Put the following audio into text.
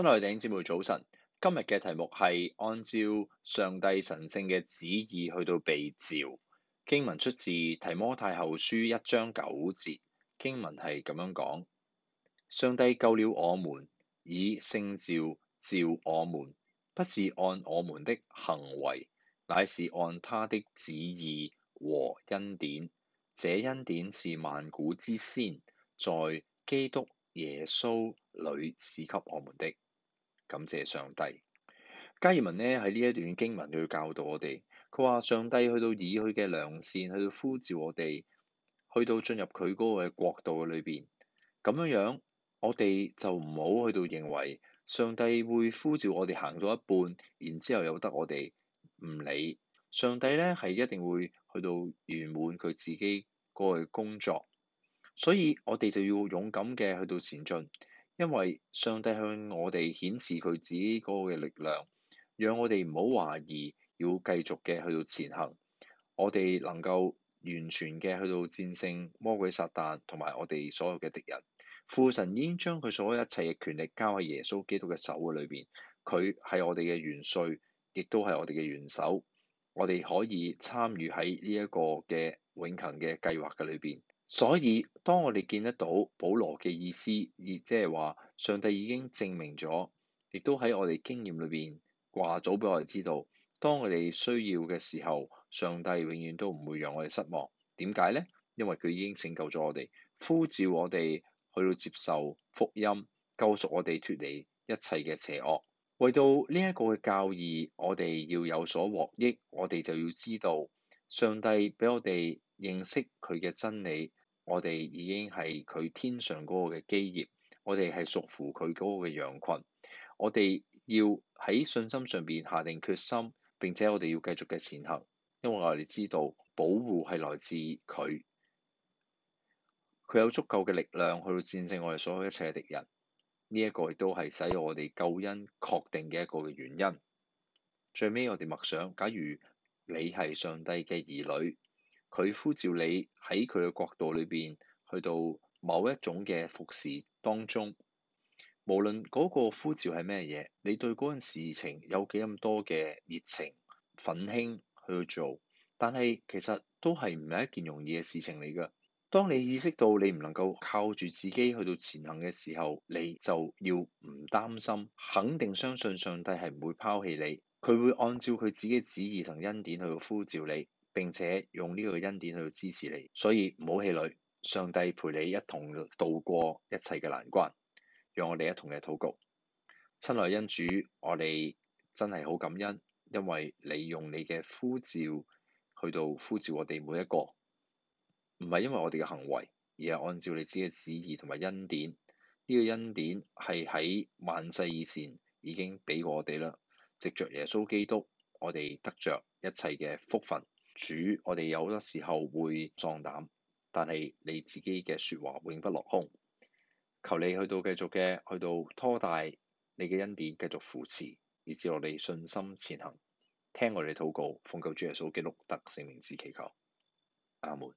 親愛的姐妹早晨，今日嘅題目係按照上帝神聖嘅旨意去到被召。經文出自提摩太後書一章九節，經文係咁樣講：上帝救了我們，以聖召召我們，不是按我們的行為，乃是按他的旨意和恩典。這恩典是萬古之先，在基督耶穌裏賜給我們的。感謝上帝，加爾文呢喺呢一段經文去教導我哋，佢話上帝去到以佢嘅良善去到呼召我哋，去到進入佢嗰個國度裏邊，咁樣樣我哋就唔好去到認為上帝會呼召我哋行到一半，然之後由得我哋唔理，上帝呢係一定會去到圓滿佢自己嗰個工作，所以我哋就要勇敢嘅去到前進。因為上帝向我哋顯示佢自己嗰個嘅力量，讓我哋唔好懷疑，要繼續嘅去到前行，我哋能夠完全嘅去到戰勝魔鬼撒旦同埋我哋所有嘅敵人。父神已經將佢所有一切嘅權力交喺耶穌基督嘅手裏邊，佢係我哋嘅元帥，亦都係我哋嘅元首，我哋可以參與喺呢一個嘅永恆嘅計劃嘅裏邊。所以，當我哋見得到保羅嘅意思，亦即係話上帝已經證明咗，亦都喺我哋經驗裏邊話咗俾我哋知道，當我哋需要嘅時候，上帝永遠都唔會讓我哋失望。點解咧？因為佢已經拯救咗我哋，呼召我哋去到接受福音，救贖我哋脫離一切嘅邪惡。為到呢一個嘅教義，我哋要有所獲益，我哋就要知道上帝俾我哋認識佢嘅真理。我哋已經係佢天上嗰個嘅基業，我哋係屬乎佢嗰個嘅羊群，我哋要喺信心上邊下定決心，並且我哋要繼續嘅前行，因為我哋知道保護係來自佢，佢有足夠嘅力量去到戰勝我哋所有一切嘅敵人，呢一個亦都係使我哋救恩確定嘅一個嘅原因。最尾我哋默想，假如你係上帝嘅兒女。佢呼召你喺佢嘅國度裏邊去到某一種嘅服事當中，無論嗰個呼召係咩嘢，你對嗰樣事情有幾咁多嘅熱情奮興去做，但係其實都係唔係一件容易嘅事情嚟嘅，當你意識到你唔能夠靠住自己去到前行嘅時候，你就要唔擔心，肯定相信上帝係唔會拋棄你，佢會按照佢自己嘅旨意同恩典去呼召你。並且用呢個恩典去到支持你，所以唔好氣餒。上帝陪你一同度過一切嘅難關，讓我哋一同嘅禱告。親愛恩主，我哋真係好感恩，因為你用你嘅呼召去到呼召我哋每一個，唔係因為我哋嘅行為，而係按照你自己嘅旨意同埋恩典。呢個恩典係喺萬世以前已經俾過我哋啦。藉着耶穌基督，我哋得着一切嘅福分。主，我哋有好多時候會喪膽，但係你自己嘅説話永不落空。求你去到繼續嘅，去到拖大你嘅恩典，繼續扶持，以致我哋信心前行。聽我哋禱告，奉救主耶穌基督得聖名字祈求。阿門。